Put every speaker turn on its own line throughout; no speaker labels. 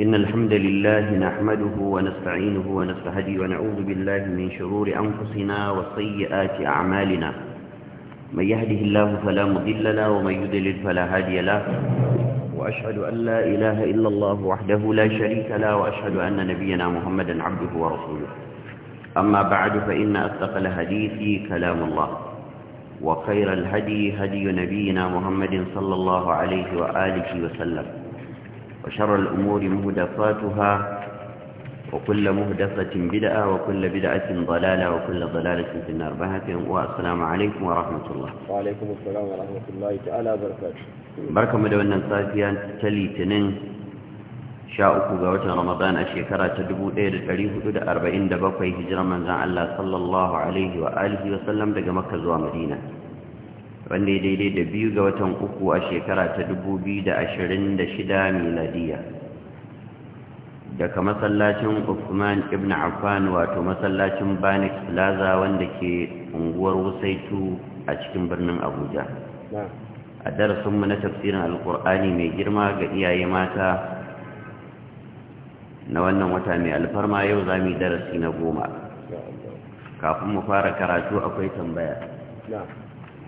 إن الحمد لله نحمده ونستعينه ونستهدي ونعوذ بالله من شرور أنفسنا وسيئات أعمالنا من يهده الله فلا مضل له ومن يدلل فلا هادي له وأشهد أن لا إله إلا الله وحده لا شريك له وأشهد أن نبينا محمدا عبده ورسوله أما بعد فإن أصدق الحديث كلام الله وخير الهدي هدي نبينا محمد صلى الله عليه وآله وسلم وشر الأمور مهدفاتها وكل مهدفة بدعة وكل بدعة ضلالة وكل ضلالة في النار بهاتهم والسلام عليكم ورحمة الله
وعليكم السلام ورحمة الله تعالى وبركاته بركة مدونة سافيا
تليتنين شاءكم قوات رمضان الشيكرة تدبو دير تريه دودة أربعين دبقى هجرة من زعل الله صلى الله عليه وآله وسلم دقى مكة زوى مدينة wanda ya daidai da biyu ga watan uku a shekara ta dubu biyu da da ashirin 2026 miladiya daga masallacin Uthman ibn Affan wato masallacin Banix Plaza wanda ke unguwar Wusaitu a cikin birnin Abuja a darasinmu na tafsirin alkur'ani mai girma ga iyaye mata na wannan wata mai alfarma yau za mu darasi na goma kafin mu fara karatu akwai tambaya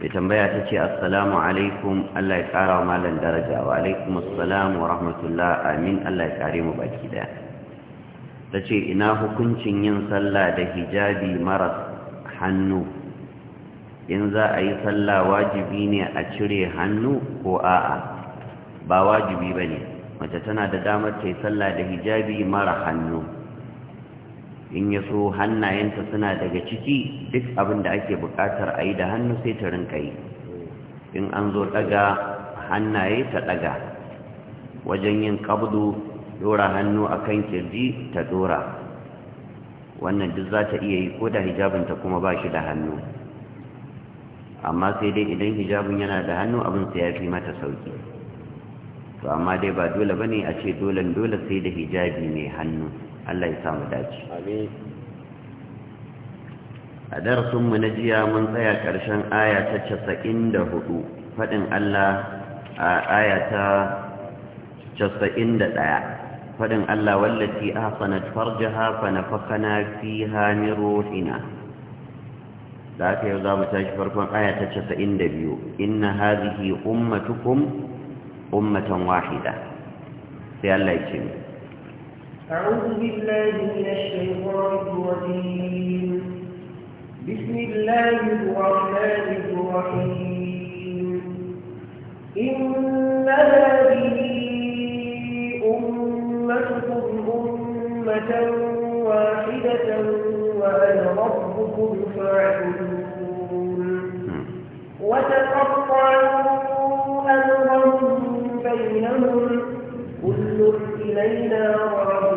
mai tambaya ta ce assalamu alaikum Allah ya kara wa malam daraja wa alaikum assalamu wa rahmatullah amin Allah ya kare mu baki daya ta ce ina hukuncin yin sallah da hijabi maras hannu in za a yi sallah wajibi ne a cire hannu ko a'a ba wajibi ba ne mace tana da damar ta yi sallah da hijabi mara hannu in ya so hannayenta suna daga ciki duk abin da ake buƙatar a yi da hannu sai ta rinka yi in an zo ɗaga hannaye ta ɗaga wajen yin ƙabdu ɗora hannu a kan kirji ta ɗora wannan duk za ta iya yi ko da hijabinta kuma ba shi da hannu amma sai dai idan hijabin yana da hannu abin sai ya fi mata sauki to amma dai ba dole ba ne a ce dole dole sai da hijabi mai hannu Allah ya samu dace a darasin mu na jiya mun tsaya ƙarshen aya ta hudu, faɗin Allah a aya ta ɗaya. Faɗin Allah a wallati ahsanat farjaha fa nafakhana fi min ruhina da aka yau za mu tashi farkon aya ta casa'in da biyu inna hazihi ummatukum ummatan wahida sai Allah ya ce mu
أعوذ بالله من الشيطان الرجيم بسم الله الرحمن الرحيم إن هذه أمتكم أمة واحدة وأنا ربكم فاعبدون وتقطعوا أمرهم بينهم كل إلينا رجعون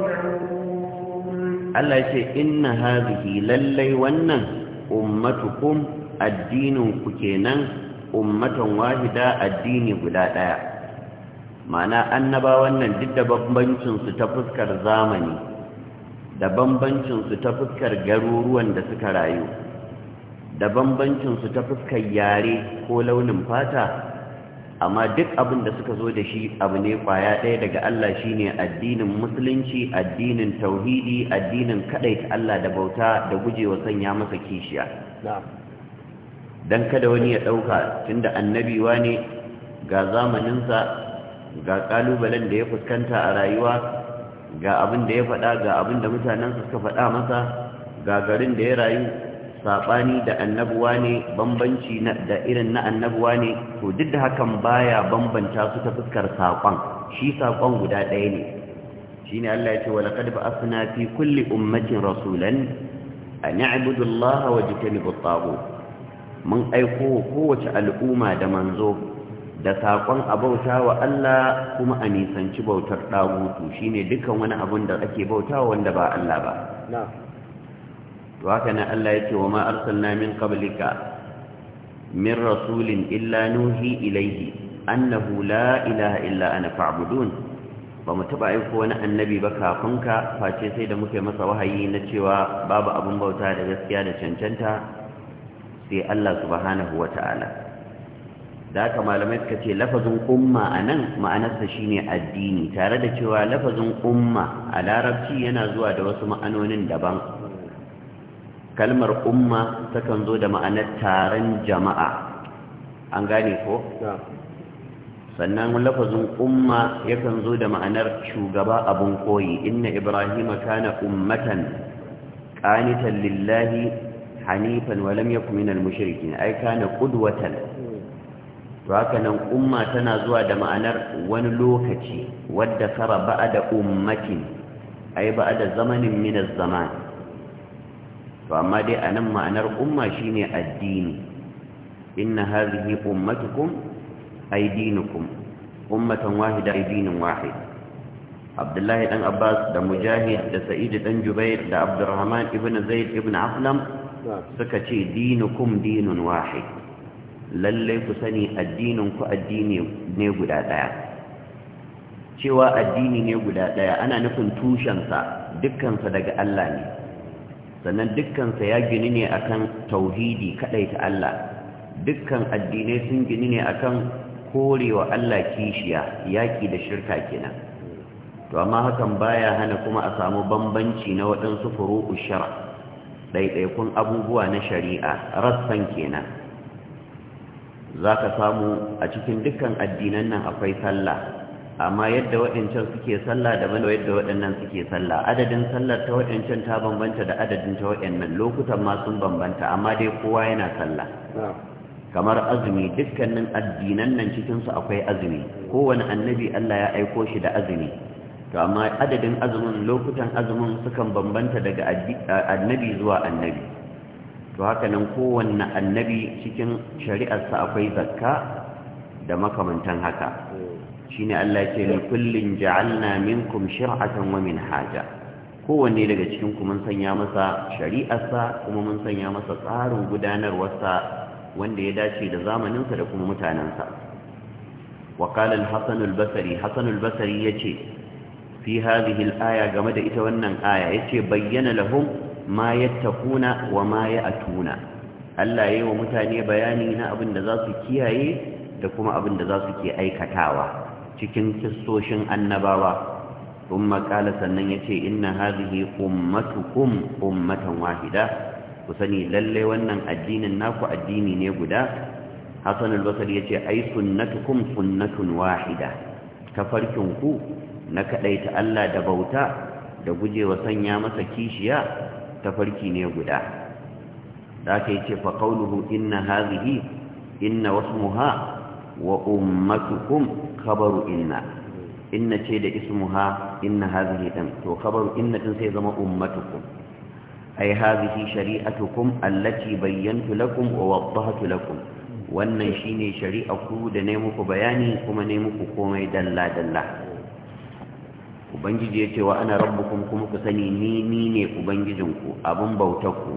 Allah
ya ce inna hadhihi lallai wannan ummatukum addinin ku kenan ummatan wahida addini guda daya ma'ana annaba wannan duk da bambancin su ta fuskar zamani da bambancin su ta fuskar garuruwan da suka rayu da bambancin su ta fuskar yare ko launin fata amma duk abin da suka zo da shi abu ne kwaya ɗaya daga Allah shi ne, addinin musulunci addinin tauhidi addinin kaɗai ta Allah da bauta da gujewa sanya masa kishiya don kada wani ya ɗauka tunda annabi ne ga zamaninsa ga ƙalubalen da ya fuskanta a rayuwa ga abin da ya faɗa ga abin da mutanensa suka faɗa masa ga garin da ya rayu saɓani da annabuwa ne bambanci da irin na annabuwa ne to duk da hakan baya bambanta su ta fuskar saƙon shi saƙon guda ɗaya ne shi ne Allah ya ce walaƙad ba asina fi kulli ummatin rasulan a waje wa jitani buttago mun aiko kowace al'umma da manzo da saƙon a bauta wa Allah kuma a nisanci bautar ɗagutu shi ne dukkan wani abun da ake bauta wanda ba Allah ba to na Allah ya ce wa ma namin min min rasulin illa nuhi ilaihi annahu la ilaha illa ana fa'budun ba mu taba aiko wani annabi ba kafin ka face sai da muke masa wahayi na cewa babu abin bauta da gaskiya da cancanta sai Allah subhanahu ta'ala. da haka malamai suka ce lafazin umma a nan ma'anarsa shine addini tare da cewa lafazin umma a larabci yana zuwa da wasu ma'anonin daban kalmar umma takan zo da ma'anar taron jama'a an gane ko sannan lafazin umma yakan zo da ma'anar shugaba abun koyi inna ibrahima kana ummatan qanitan lillahi hanifan wa lam yakun minal mushrikin ai kana qudwatan to haka nan umma tana zuwa da ma'anar wani lokaci wadda kara ba'da ummatin ai ba'da zamanin min az-zaman to amma dai a nan ma'anar umma shine addini inna hadhihi ummatukum ay ummatan wahida ay dinun wahid abdullahi dan abbas da mujahid da sa'id dan jubair da abdurrahman ibn zaid ibn aflam suka ce dinukum dinun wahid lallai ku sani addinin ku addini ne guda daya cewa addini ne guda daya ana nufin tushensa dukkansa daga Allah ne sannan dukkansa ya gini ne akan tauhidi kaɗai ta Allah dukkan addinai sun gini ne akan korewa Allah kishiya yaki da shirka kenan to amma hakan baya hana kuma a samu bambanci na waɗansu furu'u shara ɗaiɗaikun abubuwa na shari'a rassan kenan za ka samu a cikin dukkan addinan nan akwai sallah amma yadda waɗancan suke sallah daban da yadda waɗannan suke sallah adadin sallar ta waɗancan ta bambanta da adadin ta waɗannan lokutan ma sun bambanta amma dai kowa yana sallah kamar azumi dukkanin addinan nan cikinsu akwai azumi kowane annabi Allah ya aiko shi da azumi to amma adadin azumin lokutan azumin sukan bambanta daga annabi zuwa annabi to haka nan kowanne annabi cikin shari'arsa akwai zakka da makamantan haka hmm. shine Allah ke ni kullin ja'alna minkum shir'atan wa haja. kowanne daga cikin mun sanya masa shari'arsa kuma mun sanya masa tsarin gudanarwarsa wanda ya dace da zamaninsa da kuma mutanensa wa qala al-hasan al-basri hasan al-basri yace fi hadhihi al-aya game da ita wannan aya yace bayyana lahum ma yattaquna wa ma ya'tuna Allah yayi wa mutane bayani na abin da za su kiyaye da kuma abin da za su ke aikatawa cikin kissoshin annabawa sun qala sannan yace inna hadhihi ummatukum ummatan wahida ku sani lalle wannan addinin naku addini ne guda Hassan al-Basri yace ai sunnatukum sunnatun wahida tafarkin ku na kadaita Allah da bauta da gujewa sanya masa kishiya ta farki ne guda da aka yace fa qawluhu inna hadhihi inna wasmuha wa ummatukum khabaru inna inna ce da ismuha inna hadhihi dan to khabaru inna din sai zama ummatukum ai hadhihi shari'atukum allati bayyantu lakum wa waddahtu lakum wannan shine ku da ne muku bayani kuma ne muku komai dalla dalla ubangiji ya ce wa ana rabbukum kuma ku sani ni ni ne ubangijinku abin bautarku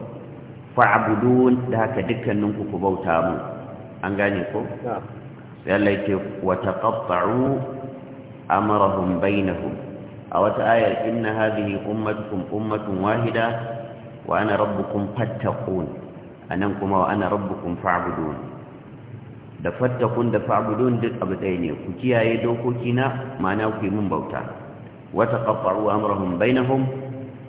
fa'budun da haka dukkaninku ku bauta mu an gane ko yalla yake wa taqatta'u amrahum bainahum a wata ayar inna hadhihi ummatukum ummatun wahida wa ana rabbukum fattaqun anan kuma wa ana rabbukum fa'budun da fattakun da fa'budun duk abu ɗaya ne ku kiyaye dokoki na ma'ana ku yi mun bauta wa taqatta'u amrahum bainahum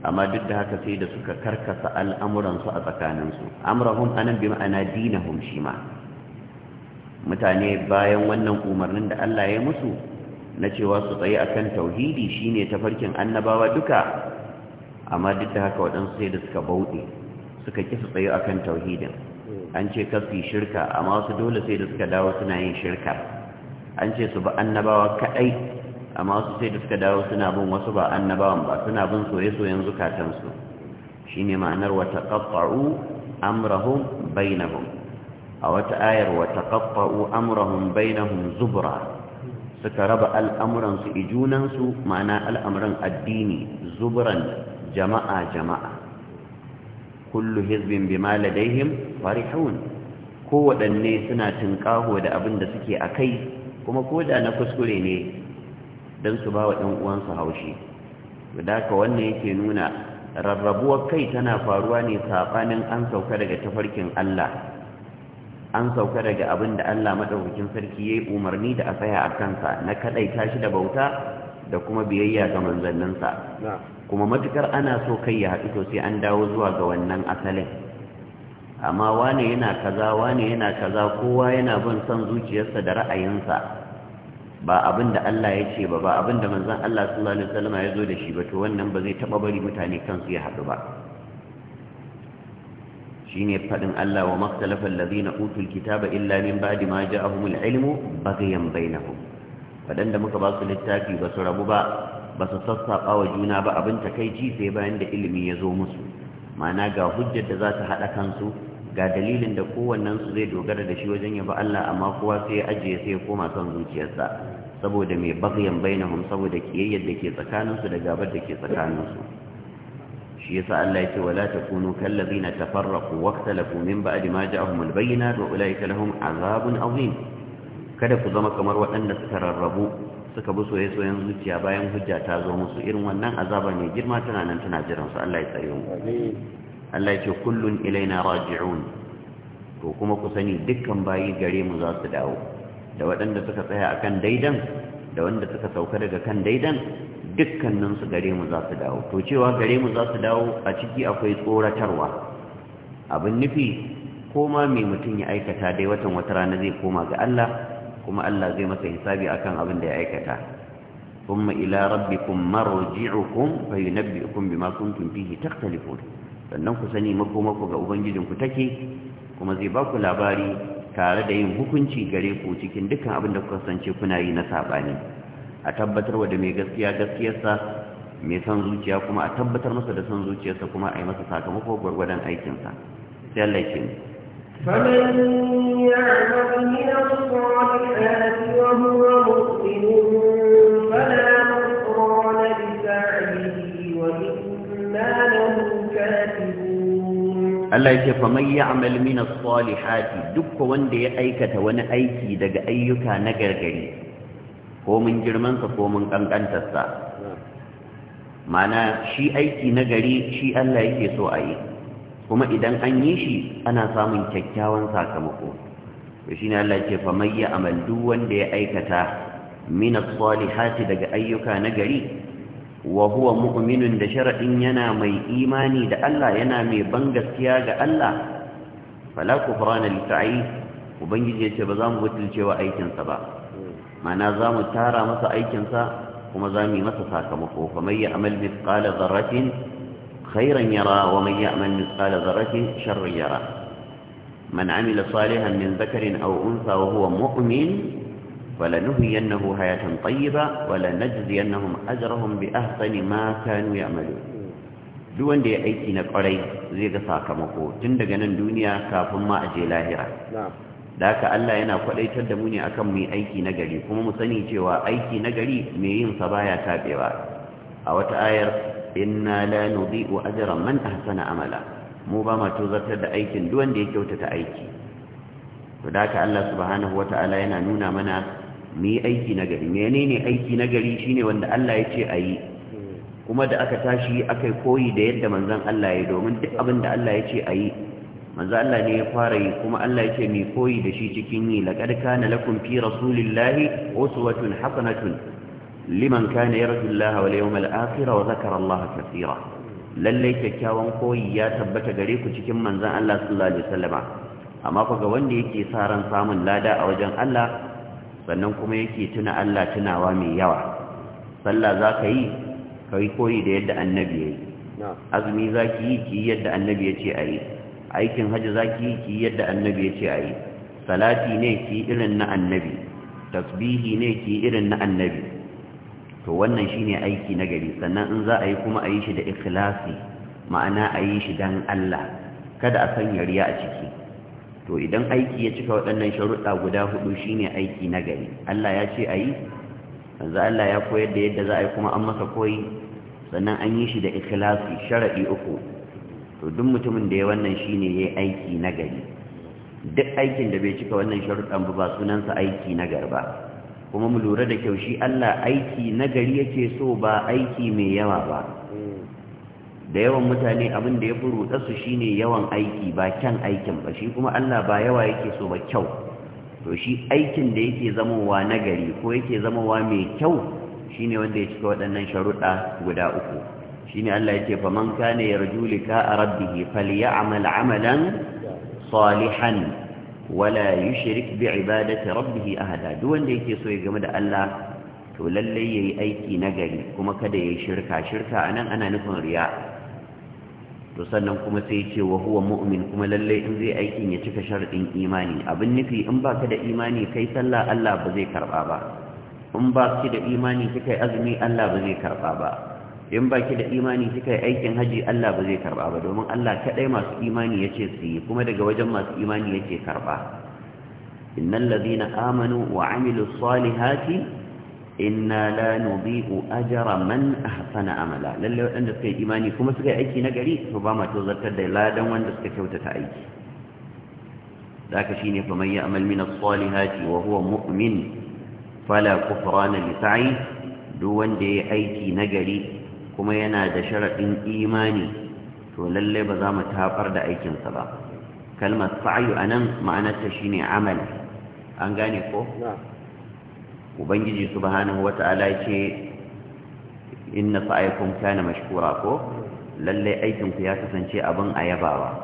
amma duk da haka sai da suka karkasa al'amuransu a tsakaninsu amrahum anan bi ma'ana dinahum shima mutane bayan wannan umarnin da Allah ya musu na cewa su tsaye akan tauhidi shine tafarkin annabawa duka amma duk da haka waɗansu sai da suka bauɗe suka ƙi su tsaye akan tauhidin an ce kafi shirka amma wasu dole sai da suka dawo suna yin shirka an ce su ba annabawa kaɗai amma wasu sai da suka dawo suna bin wasu ba annabawan ba suna bin soye-soyen zukatansu shine ma'anar wata ƙaffa'u amrahum bainahum a wata ayar wa taqatta'u amrahum bainahum zubra suka raba al'amuransu ijunansu, ma'ana al'amuran addini zubran jama'a jama'a kullu hizbin bima ladaihim farihun ko waɗanne suna tinkaho da abin da suke kai, kuma ko da na kuskure ne dan su ba wa ɗan uwansu haushi da wannan yake nuna rarrabuwar kai tana faruwa ne saɓanin an sauka daga tafarkin Allah an sauka daga abin da Allah madaukakin sarki yayi umarni da a tsaya a kansa na kadaita shi da bauta da kuma biyayya ga manzanninsa kuma matukar ana so kai ya haɗu to sai an dawo zuwa ga wannan asalin amma wane yana kaza wane yana kaza kowa yana bin son zuciyarsa da ra'ayinsa ba abin da Allah ya ce ba ba abin da manzon Allah sallallahu alaihi wasallam ya zo da shi ba to wannan ba zai taba bari mutane kansu ya haɗu ba shine fadin Allah wa maktalafa alladhina utul kitaba illa min ba'di ma ja'ahumul ilmu baghyan bainahum fadanda muka ba su littafi ba su rabu ba ba su sassaba wa juna ba abin takeici sai bayan da ilimi ya zo musu ma'ana ga hujjar da za ta hada kansu ga dalilin da kowannen su zai dogara da shi wajen yaba Allah amma kowa sai ya ajiye sai ya koma son zuciyarsa saboda mai baghyan bainahum saboda kiyayyar da ke tsakaninsu da gabar da ke tsakaninsu shi yasa Allah yake wala takunu kal ladina tafarraqu waqtalafu min ba'di ma ja'ahum al bayyinat wa ulaika lahum azabun azim kada ku zama kamar waɗanda suka rarrabu suka bi soyen zuciya bayan hujja ta zo musu irin wannan azaba mai girma tana nan tana jiran su Allah ya tsare mu Allah yake kullun ilaina raji'un to kuma ku sani dukkan bayi gare mu za su dawo da waɗanda suka tsaya akan daidan da wanda suka sauka daga kan daidan dukkaninsu gare mu za su dawo to cewa gare mu za su dawo a ciki akwai tsoratarwa abin nufi koma mai mutum ya aikata dai watan wata rana zai koma ga Allah kuma Allah zai masa hisabi akan abin da ya aikata kuma ila rabbikum marji'ukum yunabbi'ukum bima kuntum fihi takhtalifun sannan ku sani ku ga ubangijin ku take kuma zai ba ku labari tare da yin hukunci gare ku cikin dukkan abin da kuka sance kuna yi na sabani a wa da mai gaskiya gaskiyarsa mai san zuciya kuma a tabbatar masa da son zuciyarsa kuma a yi masa sakamako gwargwadon aikinsa sai Allah ke
ne Allah يعمل من الصالحات وهو مؤمن فلا كفران لسعيه وإنا له كاتبون الله يقول
فمن يعمل من الصالحات دك ko mun girmansa ko mun ƙanƙantarsa mana shi aiki na gari shi Allah yake so a yi kuma idan an yi shi ana samun kyakkyawan sakamako to shine Allah fa amal duk wanda ya aikata minas salihati daga ayyuka na gari wa huwa mu'minun da sharadin yana mai imani da Allah yana mai ban gaskiya ga Allah fala kufrana li ta'i ubangiji yace ba za mu wa aikinsa ba mana za mu tara masa aikinsa kuma za mu yi masa sakamako fa mai ya'mal mithqala dharratin khairan yara wa mai ya'mal mithqala dharratin sharran yara man amila salihan min dhakarin aw unsa wa huwa mu'min فلنهينه حياة طيبة ولنجزينهم أجرهم بأحسن ما كانوا يعملون duk wanda ya aiki na kwarai zai ga sakamako tun daga nan duniya kafin ma aje lahira da haka Allah yana kwadaitar da mu ne akan mu yi aiki nagari, kuma mu sani cewa aiki nagari mai yin sa baya tabewa a wata ayar inna la nudhi'u ajra man ahsana amala mu ba ma tuzartar da aikin duk wanda ya kyautata aiki to da haka Allah subhanahu wataala yana nuna mana mu yi aiki nagari. menene aiki nagari shine wanda Allah ya ce a yi kuma da aka tashi aka koyi da yadda manzon Allah ya domin duk abin da Allah ya ce a yi manzo Allah ne ya fara yi kuma Allah ya ce mai koyi da shi cikin yi laqad kana lakum fi rasulillahi uswatun hasanatun liman kana yarju Allah wal yawmal akhir wa dhakara Allah kaseera lalle kyakkyawan koyi ya tabbata gare ku cikin manzon Allah sallallahu alaihi wasallama amma ku ga wanda yake sa ran samun lada a wajen Allah sannan kuma yake tuna Allah tunawa mai yawa sallah zaka yi kai koyi da yadda annabi yayi azumi zaki yi ki yadda annabi ya ce ayi aikin hajji zaki ki yadda annabi ya ce a yi salati ne ki irin na annabi tasbihi ne ki irin na annabi to wannan shine aiki na gari sannan in za a yi kuma a yi shi da ikhlasi ma'ana a yi shi don Allah kada a sanya riya a ciki to idan aiki ya cika waɗannan sharuɗa guda hudu shine aiki na gari Allah ya ce a yi manzo Allah ya koyar da yadda za a yi kuma an masa koyi sannan an yi shi da ikhlasi sharaɗi uku to duk mutumin da ya wannan shine yayi aiki na gari duk aikin da bai cika wannan sharuɗan ba sunansa aiki na ba, kuma mu lura da kyau shi Allah aiki na gari yake so ba aiki mai yawa ba da yawan mutane abin da ya fi rutsa su shine yawan aiki ba kyan aikin ba shi kuma Allah ba yawa yake so ba kyau to shi aikin da yake zamowa nagari ko yake zamowa mai kyau shine wanda ya cika waɗannan sharuɗa guda uku shine Allah yake fa man kana yarju lika rabbih falyamal amalan salihan wala yushrik bi'ibadati rabbihi ahada duk wanda yake so ya game da Allah to lalle yayi aiki nagari kuma kada yayi shirka shirka anan ana nufin riya to sannan kuma sai ce wa huwa mu'min kuma lalle in zai aikin ya cika sharadin imani abin nufi in baka da imani kai sallah Allah ba zai karba ba in baki da imani kika azumi Allah ba zai karba ba in baki da imani kika yi aikin haji Allah ba zai karba ba domin Allah kaɗai masu imani yace su yi kuma daga wajen masu imani yake karba innal ladina amanu wa amilus salihati inna la nudhi'u ajra man amala Lallai waɗanda suka yi imani kuma suka yi aiki na gari to ba ma zartar da ladan wanda suka kyautata aiki daka shine fa man ya'mal min salihati wa huwa mu'min fala kufrana li sa'i duk wanda yayi aiki na gari kuma yana da sharaɗin imani to lallai ba za mu tafar da aikinsa ba kalmar sa'ayu a nan ma'anarta shi ne amal an gane ko? ubangiji subhanahu wa ta'ala ce inna sa'ayakun kana mashkura ko lallai aikinku ya kasance abin a yabawa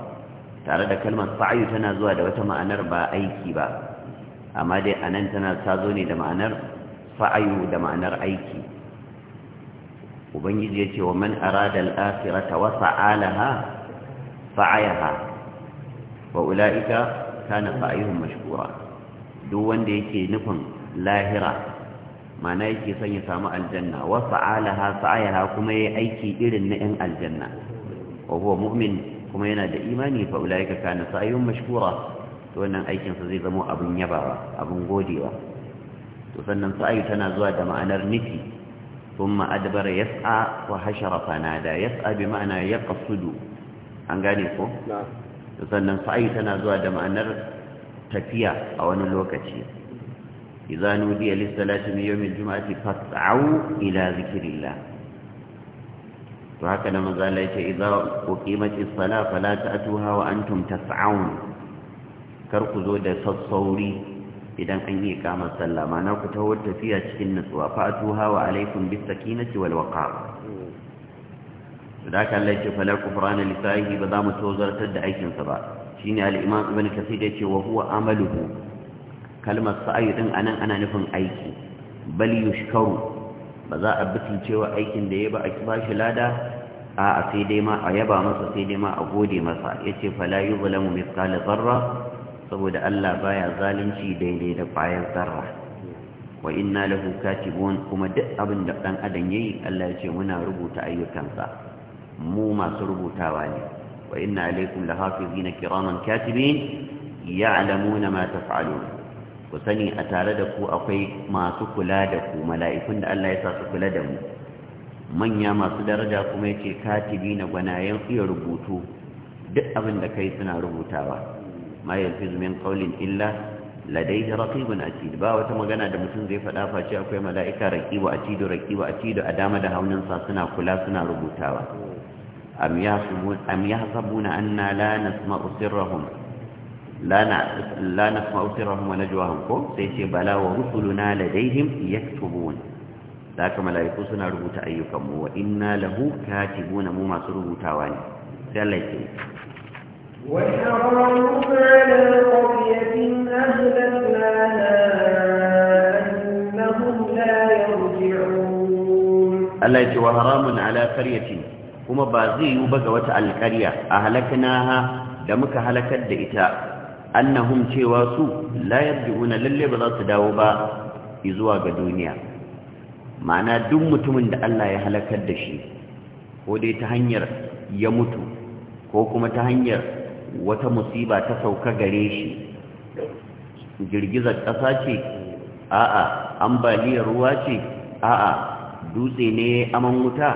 tare da kalmar sa'ayu tana zuwa da wata ma'anar ba aiki ba amma dai anan tana ta zo ne da ma'anar sa'ayu da ma'anar aiki ubangiji ya ce, wa man arada al-akhirata wa sa'alaha fa'ayaha wa ulaika kana fa'ayuhum mashkura duk wanda yake nufin lahira mana yake son ya samu aljanna wa fa'alaha sa'ayaha kuma yayi aiki irin na 'yan aljanna wa huwa mu'min kuma yana da imani fa ulaika kana sa'yun mashkura to wannan aikinsa zai zama abin yabawa abun godewa to sannan sa'ayu tana zuwa da ma'anar nufi ثم أدبر يسعى وحشر فنادى يسعى بمعنى يقصد أنقانيكو نعم يصنن صعيتنا زوادا معنر تفيا أو أن الوكتي إذا نودي للصلاة من يوم الجمعة فاسعوا إلى ذكر الله وهكذا ما قال إذا أقيمت الصلاة فلا تأتوها وأنتم تسعون كركزوا ده صوري idan an yi kamar sallah mana ku taho tafiya cikin nutsuwa fatu hawa alaikum bis sakinati wal waqar kan Allah ce fala kufrana li ba za mu tozartar da aikin sa ba shine al-imam ibn kasir yace wa huwa amaluhu kalmar sa'i din anan ana nufin aiki bal yushkaru ba za a cewa aikin da ya ba a bashi lada a sai dai ma a yaba masa sai dai ma a gode masa yace fala yuzlamu mithqala dharra saboda Allah baya zalunci daidai da ƙwayar zarra wa inna lahu katibun kuma duk abin da dan adam yayi Allah ya ce muna rubuta ayyukansa mu masu rubutawa ne wa inna alaikum lahafizina kiraman katibin ya'lamuna ma taf'alun ku sani a tare da ku akwai masu kula da ku mala'ikun da Allah ya sa su kula da mu manya masu daraja kuma yace katibi na gwanayen iya rubutu duk abin da kai suna rubutawa ma yalfizu min qawlin illa ladayhi raqibun atid ba wata magana da mutum zai faɗa face akwai mala'ika raqibu atidu raqibu atidu a dama da haunin sa suna kula suna rubutawa am yahsabun am yahsabuna anna la nasma'u sirrahum la na la nasma'u sirrahum wa najwahum ko sai ce bala wa rusuluna ladayhim yaktubun da haka mala'iku suna rubuta ayyukanmu, mu wa inna lahu katibuna mu masu rubutawa ne sai Allah ya ce Allah ya ce wa haramun ala kuma ba zai yi ba ga wata alkarya a halaknaha da muka halakar da ita annahum cewa su layar yarji'una lalle ba za su dawo ba zuwa ga duniya ma'ana duk mutumin da Allah ya halakar da shi ko dai ta hanyar ya mutu ko kuma ta hanyar wata musiba ta sauka gare shi girgizar ƙasa ce a'a ambaliyar ruwa ce a'a dutse ne aman wuta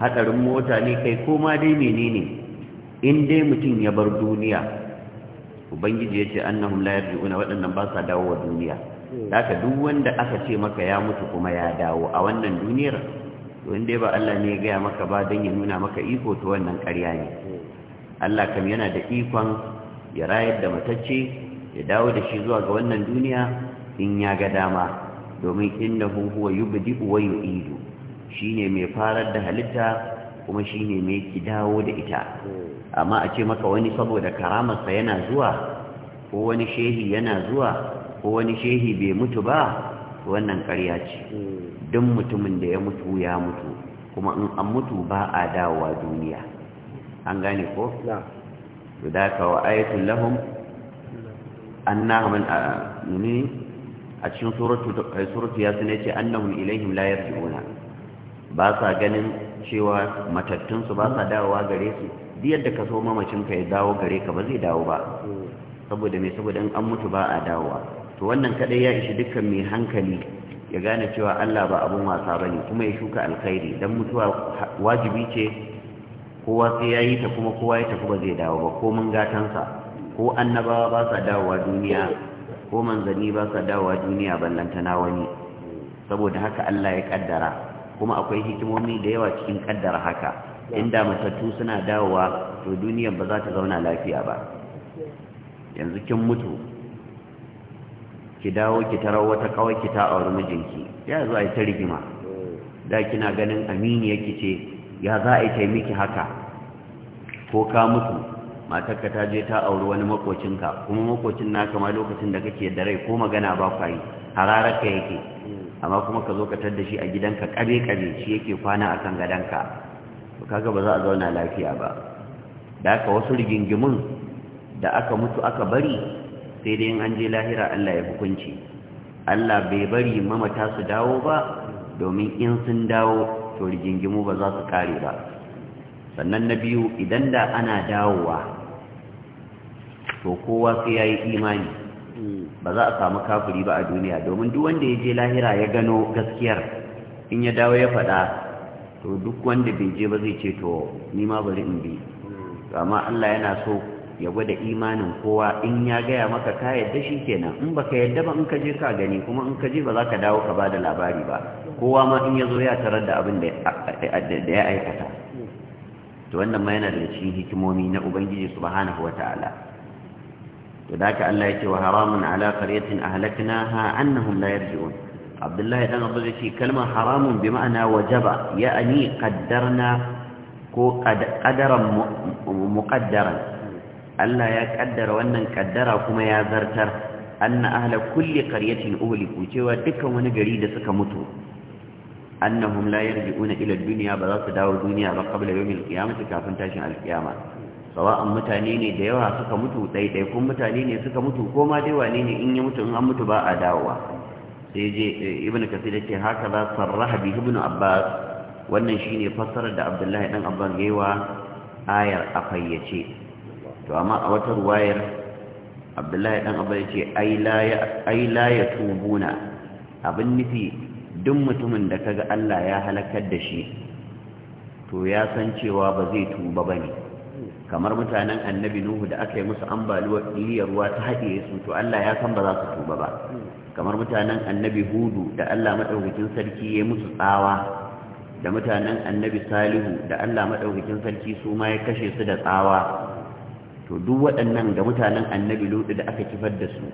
hadarin mota ne kai koma dai menene in dai mutum ya bar duniya ubangiji ya ce annahum la yarji'una waɗannan ba sa dawo wa duniya haka duk wanda aka ce maka ya mutu kuma ya dawo a wannan duniyar wanda ba Allah ne ya gaya maka ba don ya nuna maka iko to wannan ƙarya ne Allah kam yana da ikon ya rayar da matacce ya dawo da shi zuwa ga wannan duniya in ya ga dama domin inda huwa yubdi'u wa yu'idu shine mai farar da halitta kuma shine mai ki da ita amma a ce maka wani saboda karamarsa yana zuwa ko wani shehi yana zuwa ko wani shehi bai mutu ba wannan ƙarya ce duk mutumin da ya mutu ya mutu kuma in an mutu ba a dawowa duniya an gane ko da ka wa ayatul lahum anna man a cikin suratu eh, suratu yasin yace annahum ilaihim la yarjuuna ba sa ganin cewa matattun su ba sa dawowa gare su duk yadda ka so mamacin ka ya dawo gare ka ba zai dawo ba saboda me saboda in an mutu ba a dawowa to wannan kadai ya ishi dukkan mai hankali ya gane cewa Allah ba abun wasa bane kuma ya shuka alkhairi dan mutuwa wajibi ce kowa sai ya yi ta kuma kowa ya tafi ba zai dawo ba ko mun gatansa ko annabawa ba sa dawowa duniya ko manzanni ba sa dawowa duniya ballantana wani saboda haka Allah ya kaddara kuma akwai hikimomi da yawa cikin kaddara haka inda matattu suna dawowa to duniyar ba za ta zauna lafiya ba yanzu kin mutu ki dawo ki tarar wata kawai ki ta auri mijinki ya zo a yi ta rigima da kina ganin amini yake ce ya za a yi miki haka ko ka mutu matarka ta je ta auri wani makocinka kuma makocin na ma lokacin da kake da rai ko magana ba ku yi hararka yake amma kuma ka zo ka tadda shi a gidanka ƙabe-ƙabe shi yake kwana akan gadanka to kaga ba za a zauna lafiya ba da ka wasu rigingimun da aka mutu aka bari sai dai in an je lahira Allah ya hukunci Allah bai bari mamata su dawo ba domin in sun dawo to rigingimu ba za su kare ba sannan na biyu idan da ana dawowa to kowa sai ya yi imani ba za a samu kafuri ba a duniya domin duk wanda ya je lahira ya gano gaskiyar in ya dawo ya faɗa to duk wanda bai je ba zai ce to nima bari in bi amma Allah yana so ya gwada imanin kowa in ya gaya maka ka yadda shi kenan in baka yadda ba in ka je ka gani kuma in ka je ba za ka dawo ka ba da labari ba kowa ma in ya zo ya tarar da abin da ya aikata to wannan ma yana da cikin hikimomi na ubangiji subhanahu wataala to da ka Allah ya ce wa haramun ala qaryatin ha annahum la yarji'un abdullahi dan abu zai kalmar haramun bi ma'ana wajaba ya'ani qaddarna ko qadaran muqaddaran Allah ya kaddara wannan kaddara kuma ya zartar anna ahla kulli qaryatin uhliku cewa dukkan wani gari da suka mutu annahum la yarji'una ila dunya ba za su dawo duniya ba qabla yawmil qiyamati kafin tashin alqiyama sawa'an mutane ne da yawa suka mutu dai dai kun mutane ne suka mutu ko ma dai wane ne in ya mutu in an mutu ba a dawowa sai je eh, ibnu kasir yace haka za sarraha bi ibnu abbas wannan shine fassarar da abdullahi dan abbas yayi wa ayar afayyace to amma a wata ruwayar abdullahi dan abu ya ce ai la ya tubuna abin nufi duk mutumin da kaga Allah ya halakar da shi to ya san cewa ba zai tuba bane kamar mutanen annabi nuhu da aka yi musu ambaluwar ɗiriyar ruwa ta haɗiye su to Allah ya san ba za su tuba ba kamar mutanen annabi hudu da Allah madaukakin sarki ya musu tsawa da mutanen annabi salihu da Allah madaukakin sarki su ma ya kashe su da tsawa to duk waɗannan ga mutanen annabi lutu da aka kifar da su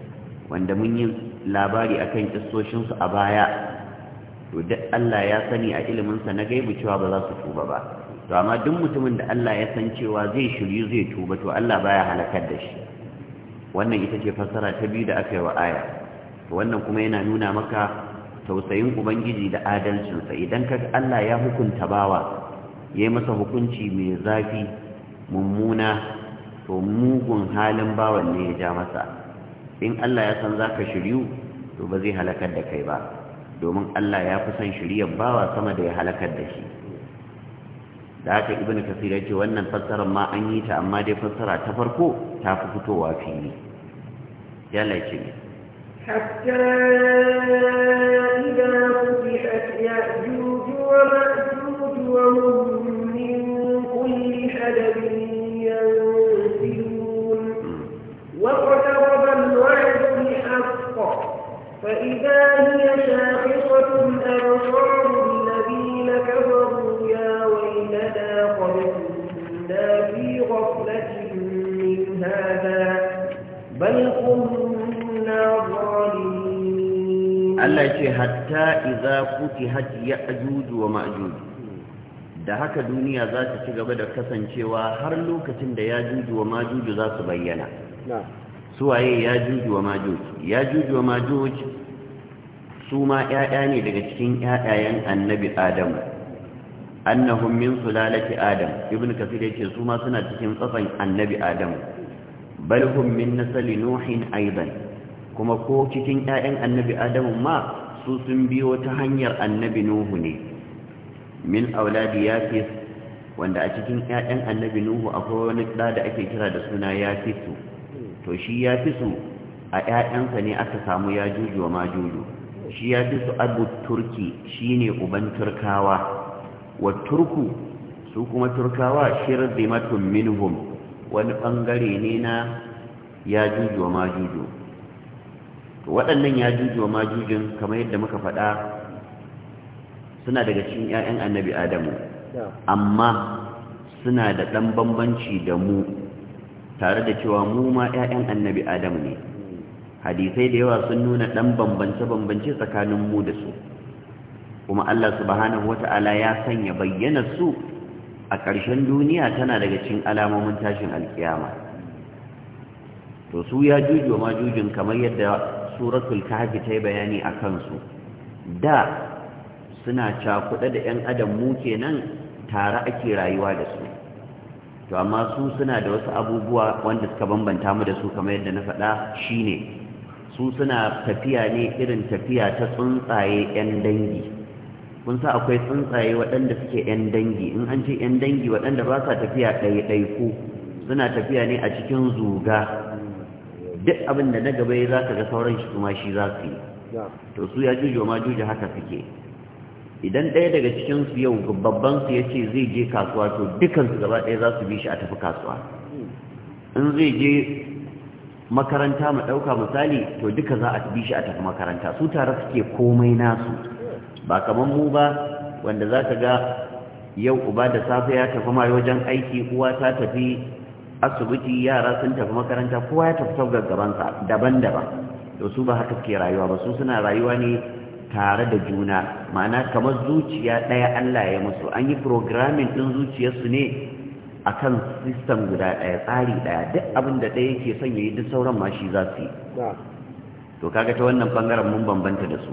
wanda mun yi labari a kan kissoshinsu a baya to duk Allah ya sani a iliminsa na gaibu cewa ba za su tuba ba to amma duk mutumin da Allah ya san cewa zai shiryu zai tuba to Allah baya halakar da shi wannan ita ce fassara ta biyu da aka yi wa aya to wannan kuma yana nuna maka tausayin ubangiji da adalcinsa idan ka Allah ya hukunta bawa ya yi masa hukunci mai zafi mummuna to mugun halin bawan ne ya ja masa in Allah ya san zaka shiryu to ba zai halakar da kai ba domin Allah ya fi son shiryar bawa sama da ya halakar da shi da haka ibnu kasir ya ce wannan fassarar ma an yi ta amma dai fassara ta farko ta fi fitowa fili ya laice ne
hatta idza futihat ya'juj فإذا هي شاخصة أبصار الذين كفروا يا ويلنا قد كنا في غفلة من هذا بل كنا ظالمين الله يقول
حتى إذا فتحت يأجوج ومأجوج da haka duniya za ta ci gaba da kasancewa har lokacin da ya juju wa majuju za su bayyana suwaye ya juju wa majuju ya juju wa majuju su ma ‘ya'ya ne daga cikin ‘ya'yayen annabi Adam, annahun min sulalati Adam, ibn Kafir yake su ma suna cikin tsafan annabi Adam, balhun min nasali Nuhin Aiban, kuma ko cikin ‘ya'yan annabi Adam ma su sun biyo ta hanyar annabi Nuhu ne, min auladi Yafis, wanda a cikin ‘ya'yan annabi Nuhu akwai wani ɗa da ake kira da suna Yafisu, to shi Yafisu a ‘ya'yansa ne aka samu ya juju wa ma juju. shi ya fi su abu turki shine uban turkawa wa turku su kuma turkawa shirzimatun minhum wani bangare ne na ya jujuwa ma juju waɗannan ya jujuwa ma jujin kamar yadda muka faɗa suna daga cikin 'ya'yan annabi adamu amma suna da ɗan bambanci da mu tare da cewa mu ma 'ya'yan annabi adamu ne hadisai da yawa sun nuna ɗan bambance bambance tsakanin mu da su kuma Allah subhanahu wata'ala ya sanya bayyana su a ƙarshen duniya tana daga cin alamomin tashin alkiyama to su ya jujo ma jujin kamar yadda suratul kahfi ta yi bayani a kansu da suna cakuɗa da 'yan adam mu kenan tare ake rayuwa da su to amma su suna da wasu abubuwa wanda suka bambanta mu da su kamar yadda na faɗa shine su suna tafiya ne irin tafiya ta tsuntsaye 'yan dangi kun sa akwai tsuntsaye waɗanda suke 'yan dangi in an ce 'yan dangi waɗanda ba sa tafiya ko suna tafiya ne a cikin zuga duk abin da na gaba ya za ka ga sauran shi kuma shi za su yi to su ya jujo ma jujo haka suke idan ɗaya daga cikin su yau babban su ya ce zai je kasuwa to dukansu gaba ɗaya za su bi shi a tafi kasuwa in zai je makaranta mu ɗauka misali to duka za a bi shi a tafi makaranta su tare suke komai nasu ba kaman mu ba wanda za ka ga yau uba da safe ya tafi ma wajen aiki uwa ta tafi asibiti yara sun tafi makaranta kowa ya tafi sau gaggabansa daban-daban to su ba haka suke rayuwa ba su suna rayuwa ne tare da juna ma'ana kamar zuciya ɗaya Allah ya musu an yi programming ɗin zuciyarsu ne akan sistem guda ɗaya tsari ɗaya duk abin da ɗaya yake son yi duk sauran ma shi za su yi to kaga ta wannan bangaren mun bambanta da su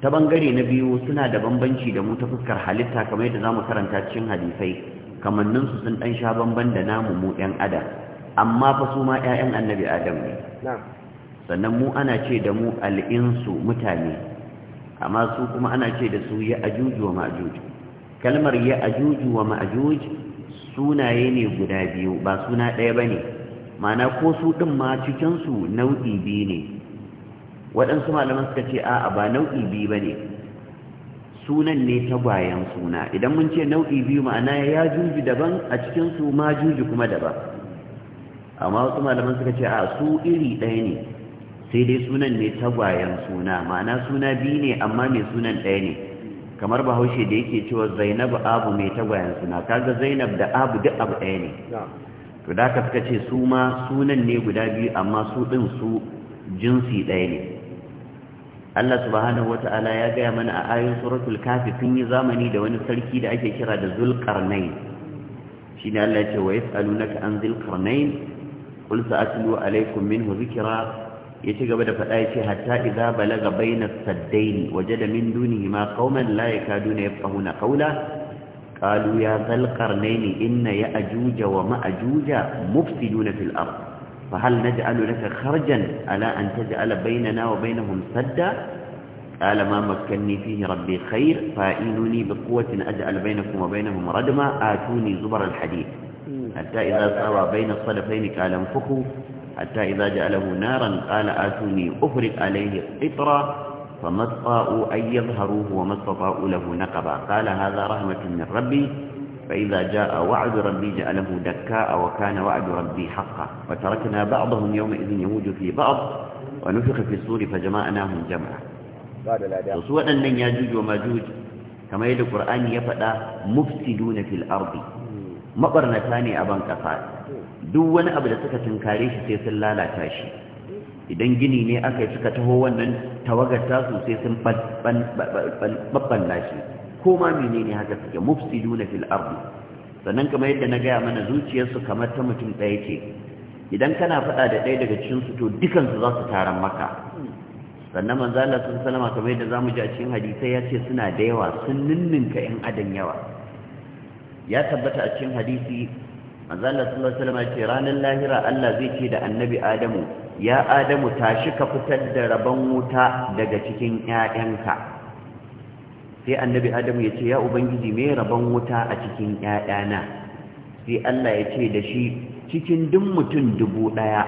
ta bangare na biyu suna da bambanci da mu ta fuskar halitta kamar yadda zamu karanta cikin hadisai kamannin su sun dan sha bamban da namu mu ɗan adam amma fa su ma ƴaƴan annabi adam ne sannan mu ana ce da mu al'insu mutane amma su kuma ana ce da su ya ajuju wa ma'ajuj kalmar ya ajuju wa ma'ajuj sunaye ne guda biyu ba suna ɗaya ba ne mana ko su ɗin ma cikinsu nau'i biyu ne waɗansu malaman suka ce a'a ba nau'i biyu ba ne sunan ne tagwayen suna idan mun ce nau'i biyu ma'ana ya juji daban a cikinsu ma juji kuma daban amma wasu malaman suka ce a su iri ɗaya ne sai dai sunan ne tagwayen suna ma'ana suna biyu ne amma mai sunan ɗaya ne kamar bahaushe da yake cewa zainab abu mai tagwayen suna kaga zainab da abu duk abu ɗaya ne to da ka suka ce su ma sunan ne guda biyu amma su ɗin su jinsi ɗaya ne Allah subhanahu wata'ala ya gaya mana a ayin suratul kafi yi zamani da wani sarki da ake kira da zulkarnain shi ne Allah ce wa yas'alunaka an zulkarnain qul alaikum min hu zikira ya ci gaba da faɗa ya ce hatta idza balaga baina saddaini wajada min dunihima qauman la yakaduna yafqahuna qawla qalu ya zal qarnaini inna ya'juja wa ma'juja mufsiduna fil ard فهل نجعل لك خرجا على أن تجعل بيننا وبينهم سدا قال ما مكنني فيه ربي خير فإنني بقوة أجعل بينكم وبينهم ردما آتوني زبر الحديد حتى إذا صار بين الصدفين قال انفخوا حتى إذا جعله نارا قال آتوني أفرق عليه قطرا فما استطاعوا أن يظهروه وما استطاعوا له نقبا قال هذا رحمة من ربي فإذا جاء وعد ربي جعله دكاء وكان وعد ربي حقا وتركنا بعضهم يومئذ يموج في بعض ونفخ في الصور فجمعناهم جمعا سوى أن يجوج وماجوج كما يقول القرآن يفتح مفسدون في الأرض مقرنتان أبان كفاء duk wani abu da suka tunkare shi sai sun lalata shi idan gini ne aka yi suka taho wannan tawagar tasu sai sun babban shi ko ma ne haka suke mufsiduna fil ardi sannan kamar yadda na gaya mana zuciyarsu kamar ta mutum ɗaya ce idan kana faɗa da ɗaya daga su to dukansu za su taron maka sannan manzo Allah sun salama kamar yadda zamu ji a cikin hadisai ya ce suna da yawa sun ninninka 'yan adam yawa ya tabbata a cikin hadisi manzala sallallahu alaihi wasallam ce ranar lahira Allah zai ce da annabi Adamu ya Adamu tashi ka fitar da rabon wuta daga cikin ƴaƴanka sai annabi Adamu ya ce ya ubangiji me rabon wuta a cikin ƴaƴana sai Allah ya ce da shi cikin duk mutum dubu ɗaya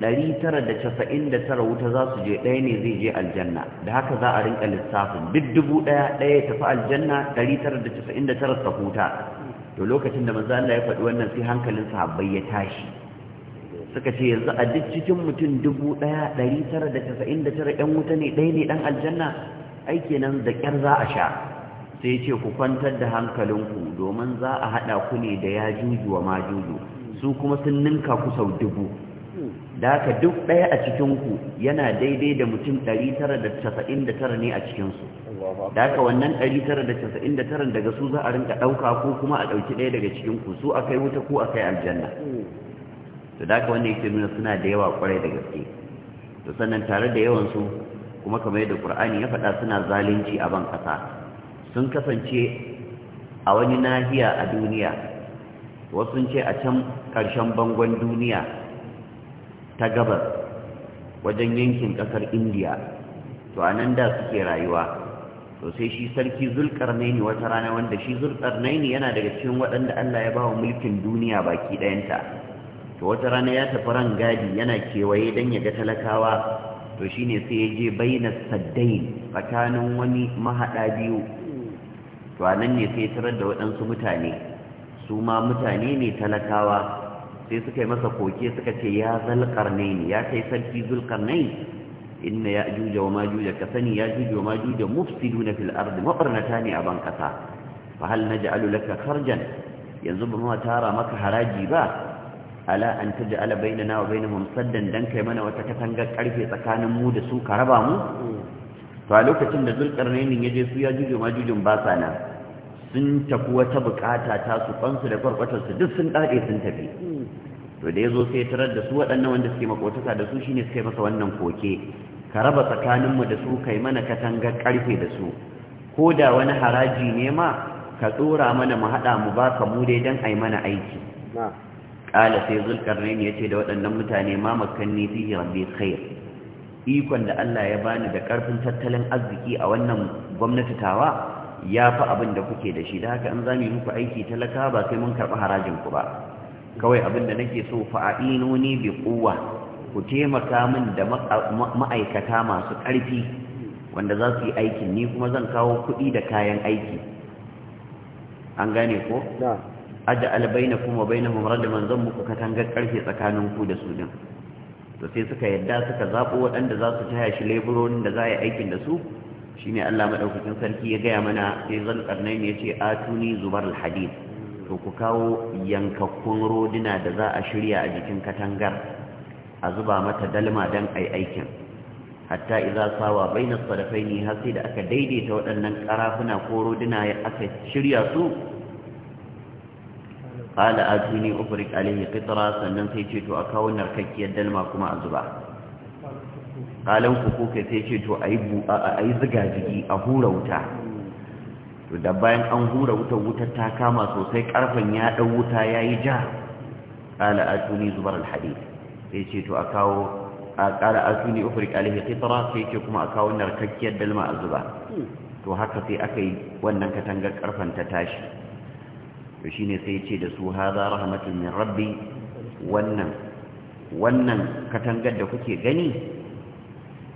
ɗari tara da casa'in da tara wuta za su je ɗaya ne zai je aljanna da haka za a rinka lissafin duk dubu ɗaya ɗaya tafi aljanna ɗari tara da casa'in da tara ta huta to lokacin da manzo Allah ya faɗi wannan sai hankalin sahabbai ya tashi suka ce yanzu a duk cikin mutum 1999 ɗan wuta ne ɗaya ne ɗan aljanna ai kenan da ƙyar za a sha sai ce ku kwantar da hankalinku domin za a haɗa ku ne da ya juju wa ma juju su kuma sun ninka ku sau dubu da haka duk ɗaya a cikinku yana daidai da mutum 999 ne a cikinsu da haka wannan 999 daga su za a rinka ɗauka ko kuma a ɗauki ɗaya daga cikinku su a kai wuta ko a kai aljanna to da haka wannan yake nuna suna da yawa kwarai da gaske to sannan tare da yawansu kuma kamar yadda ƙur'ani ya faɗa suna zalunci a ban ƙasa sun kasance a wani nahiya a duniya wasu ce a can ƙarshen bangon duniya ta gabas wajen yankin ƙasar indiya to a nan da suke rayuwa to sai shi sarki zulƙarnaini wata rana wanda shi zulƙarnaini yana daga cikin waɗanda allah ya ba wa mulkin duniya baki ɗayanta to wata rana ya tafi ran gadi yana kewaye don ya ga talakawa to shi ne sai ya je baina saddai tsakanin wani mahaɗa biyu to a nan ne sai ya tarar da waɗansu mutane su ma mutane ne talakawa sai suka yi masa koke suka ce ya ne ya kai sarki zulqarnaini ya ya'juj wa majuj ka sani ya'juj wa mufti mufsiduna fil ardi mabarnatani aban kasa fa hal naj'alu laka kharjan yanzu ba mu tara maka haraji ba ala an taj'ala bainana wa bainahum saddan dan kai mana wata katangar karfe tsakanin mu da su ka raba mu to a lokacin da ya je su ya jujo ma jujun ba na sun tafi wata bukata ta su kansu da kwarkwatar su duk sun dade sun tafi to da zo sai tarar da su waɗannan wanda suke makotaka da su shine suka yi masa wannan koke ka raba tsakaninmu da su kai mana katanga karfe da su ko da wani haraji ne ma ka tsora mana mu haɗa mu baka mu dai dan ai mana aiki ƙala sai zulkarnain ya ce da waɗannan mutane ma makanni fi rabbi khair ikon da Allah ya bani da ƙarfin tattalin arziki a wannan gwamnati tawa ya fi abin da kuke da shi da haka in za muku aiki talaka ba sai mun karɓi harajin ku ba kawai abin da nake so fa'inuni bi quwwa ku taimaka min da ma'aikata masu ƙarfi wanda za su yi aikin ni kuma zan kawo kuɗi da kayan aiki an gane ko aja albaina kuma baina mumradaman zan muku katangar ƙarfe tsakanin ku da su din to sai suka yadda suka zaɓo waɗanda za su taya shi leburorin da za a yi aikin da su ne Allah maɗaukakin sarki ya gaya mana sai zan karnai ne ya ce atuni zubar alhadid to ku kawo yankakkun rodina da za a shirya a jikin katangar a zuba mata dalma don ai aikin hatta idza sawa bainas sadafaini har sai da aka daidaita waɗannan karafuna ko rodina aka shirya su qala atuni ufrik alayhi qitra sannan sai ce to a kawo narkakkiyar dalma kuma a zuba qalan ku kuka sai ce to ayi bu ayi ziga a hura wuta to da bayan an hura wutar wutar ta kama sosai karfan ya dau wuta yayi ja qala atuni zubar alhadid sai ce to a kawo a qala atuni ufriq alaihi qitra sai ce kuma a kawo narkakkiyar dalma a zuba to haka sai aka yi wannan katangar karfan ta tashi to shine sai ce da su hadha rahmatun min rabbi wannan wannan katangar da kuke gani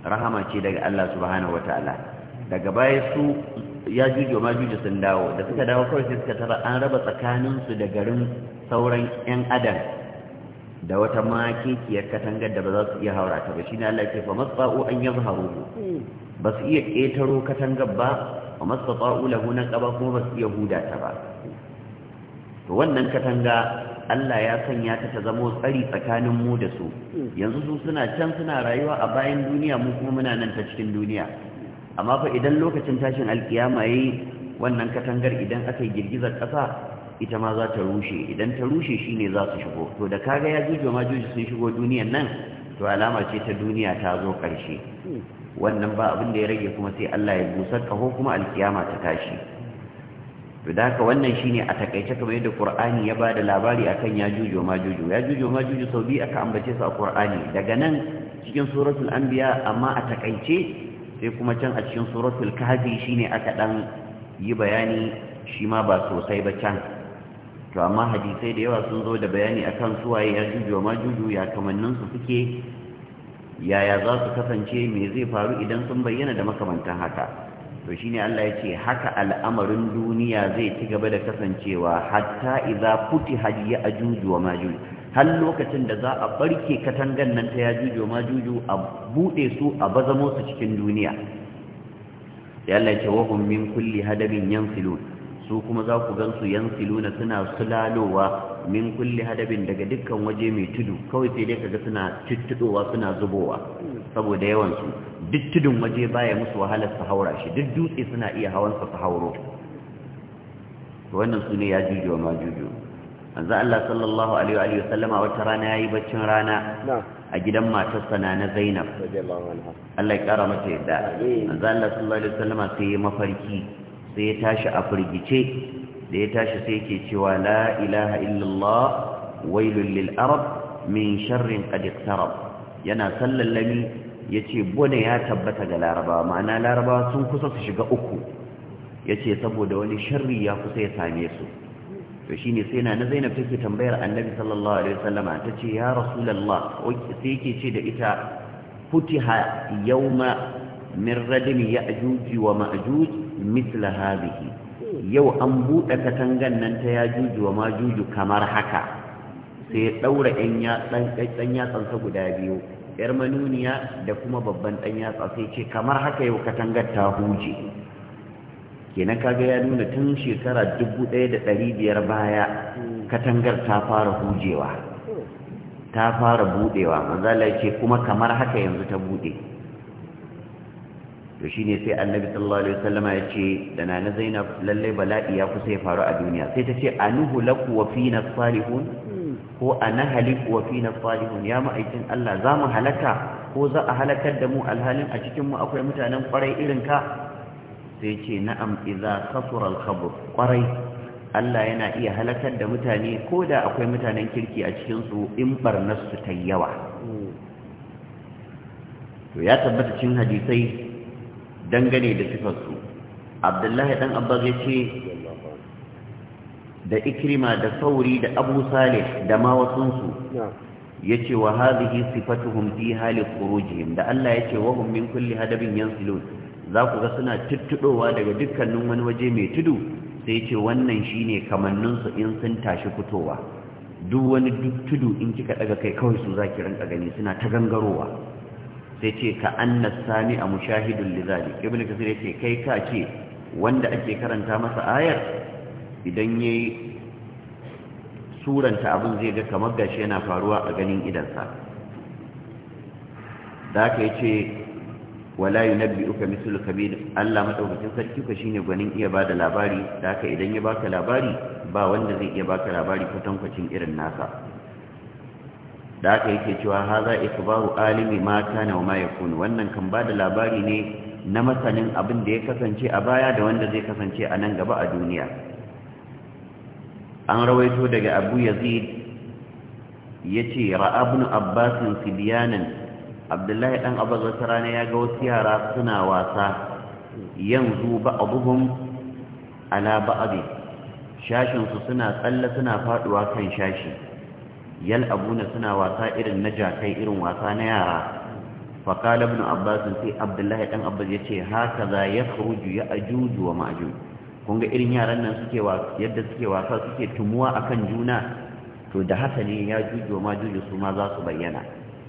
rahama ce daga Allah subhanahu wataala daga baya su ya juju ma juju sun dawo da suka dawo kawai sai suka tara an raba tsakaninsu da garin sauran 'yan adam da wata makekiyar katangar da ba za su iya haura ta ba shi ne Allah ke fa matsa'u an ya ba su iya ƙetaro katangar ba wa matsa'u lahu na ƙaba kuma ba su iya huda ta ba to wannan katanga Allah ya sanya ta ta zamo tsari tsakanin mu da su yanzu su suna can suna rayuwa a bayan duniya mu kuma muna nan ta cikin duniya amma fa idan lokacin tashin alkiyama yayi wannan katangar idan aka yi girgizar ƙasa ita ma za ta rushe idan ta rushe shine za su shigo to da kaga ya juju ma sun shigo duniyan nan to alama ce ta duniya ta zo ƙarshe wannan ba abin da ya rage kuma sai Allah ya busar ƙaho kuma alkiyama ta tashi to da haka wannan shine a takaice kamar yadda Qur'ani ya bada labari akan ya juju ma juju ya juju ma juju sau biyu aka ambace su a Qur'ani daga nan cikin suratul anbiya amma a takaice sai kuma can a cikin suratul kahfi shine aka dan yi bayani shi ma ba sosai ba can to amma hadisai da yawa sun zo da bayani akan suwaye ya juju ma juju ya kamannin su suke yaya za su kasance me zai faru idan sun bayyana da makamantan haka to shine Allah ya ce haka al'amarin duniya zai ci gaba da kasancewa hatta idza futi ya ajuju wa majuju har lokacin da za a barke katangan nan ta ma juju a buɗe su a bazamo su cikin duniya sai Allah ya ce wa min kulli hadabin yansilun su kuma za ku gansu yansiluna suna sulalowa min kulli hadabin daga dukkan waje mai tudu kawai sai dai kaga suna tuttudowa suna zubowa saboda yawan su duk tudun waje baya musu wahalar su haura shi duk dutse suna iya hawan su hauro wannan su ne yajuju ma manzo Allah sallallahu alaihi wa sallama wata rana yayi baccin rana a gidan matarsa na na Zainab Allah ya kara mata yadda manzo Allah sallallahu alaihi wa sallama sai ya mafarki sai ya tashi a firgice da ya tashi sai yake cewa la ilaha illallah wailul lil arab min sharrin qad iqtarab yana sallallami yace bone ya tabbata ga larabawa ma'ana larabawa sun kusa su shiga uku yace saboda wani sharri ya kusa ya same su to shine sai na Zainab take tambayar Annabi sallallahu alaihi wasallama tace ya Rasulullah sai yake ce da ita futiha yawma min radim ya'juj wa ma'juj mithla hadhihi yau an bude katangan nan ta yajuj wa majuj kamar haka sai ya daura ɗan tsansa guda biyu yar manuniya da kuma babban ɗan ya sai ce kamar haka yau katangar ta huje kenan kaga ya nuna tun shekara dubu ɗaya da ɗari biyar baya katangar ta fara hujewa ta fara buɗewa manzala ce kuma kamar haka yanzu ta buɗe to shine sai annabi sallallahu alaihi wasallam ya ce da na zainab lalle bala'i ya kusa ya faru a duniya sai ta ce anuhu laku wa fina salihun ko ana haliku wa fina salihun ya ma'aikin Allah za mu halaka ko za a halakar da mu alhalin a cikin mu akwai mutanen kwarai irin ka sai ce na'am idza kasura al-khabr kwarai Allah yana iya halakar da mutane ko da akwai mutanen kirki a cikin su in barnar su ta yawa to ya tabbata cin hadisai dangane da sifar su Abdullahi dan Abbas ya ce da Ikrima da Sauri da Abu Salih da ma wasun su yace wa hadhihi sifatuhum fi hali khurujihim da Allah yace wa hum min kulli hadabin yansilun za ku ga suna tuttuɗowa daga dukkanin wani waje mai tudu sai ce wannan shi ne kamanninsu in sun tashi fitowa duk wani tudu in kika ɗaga kai kawai su za ki rinka gani suna ta gangarowa sai ce ka annas sami a mushahidun lizali ibn kasir yake kai ka ce wanda ake karanta masa ayar idan ya yi suranta abin zai ga kamar gashi yana faruwa a ganin idansa da aka yi ce wala yunabbi'uka mithlu kabir Allah madaukakin sarki ka shine gwanin iya da labari da haka idan ya baka labari ba wanda zai iya baka labari kwatankwacin irin nasa da haka yake cewa haza ikbahu alimi mata kana wa ma yakunu wannan kan bada labari ne na masanin abin da ya kasance a baya da wanda zai kasance a nan gaba a duniya an rawaito daga abu yazid yace ra'a ibn abbasin sibyanan abdullahi dan abbas rana ya ga wasu yara suna wasa yanzu ba'abuhum ala ba'abi shashin Shashinsu suna tsalle suna faduwa kan shashi yal abuna suna wasa irin na jakai irin wasa na yara fa qala ibn abbas sai abdullahi dan abbas yace haka za yakhruju ya'juj wa ma'juj kun ga irin yaran nan yadda suke wasa suke tumuwa akan juna to da haka ne ya jujo ma jujo su ma za su bayyana